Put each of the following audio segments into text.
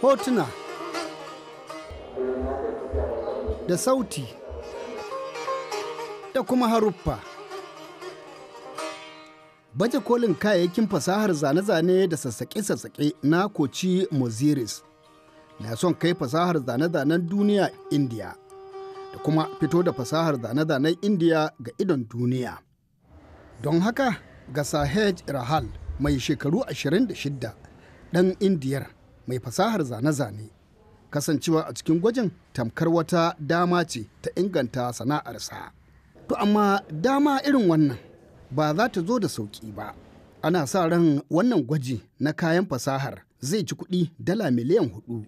hotuna da sauti da kuma haruffa. Baje kolin kayayyakin fasahar zane-zane da sassaƙe-sassaƙe na koci Moziris na son kai fasahar zane-zanen duniya Indiya da kuma fito da fasahar zane-zanen Indiya ga idon duniya. Don haka ga Sahej Rahal mai shekaru 26 ɗan Indiyar mai fasahar zane-zane kasancewa a cikin gwajin tamkar wata dama ce ta inganta sana'arsa to amma dama irin wannan ba za ta zo da sauƙi ba ana sa ran wannan gwaji na kayan fasahar zai ci kuɗi dala miliyan hudu.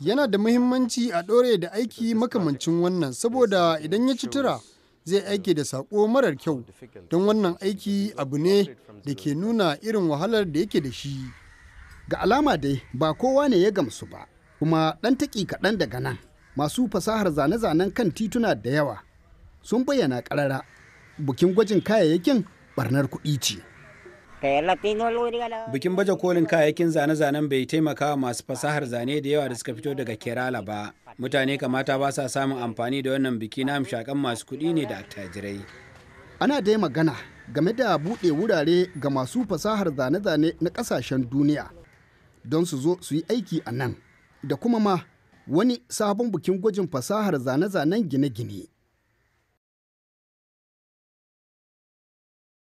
Yana da muhimmanci a ɗore da aiki makamancin wannan saboda idan ya ci tura zai aike da saƙo marar kyau don wannan aiki abu ne da ke nuna irin wahalar da yake da shi ga alama dai ba kowa ne ya gamsu ba kuma ɗan taƙi kaɗan daga nan masu fasahar zane-zanen kan tituna da yawa sun bayyana ƙarara bukin gwajin kayayyakin barnar kuɗi ce. Bikin baje kolin kayayyakin zane-zanen bai taimaka wa masu fasahar zane da yawa da suka fito daga Kerala ba. Mutane kamata ba sa samun amfani da wannan biki na hamshakan masu kuɗi ne da attajirai. Ana dai magana game da buɗe wurare ga masu fasahar zane-zane na ƙasashen duniya don su zo su yi aiki a nan da kuma ma wani sabon bikin gwajin fasahar zane-zanen gine-gine.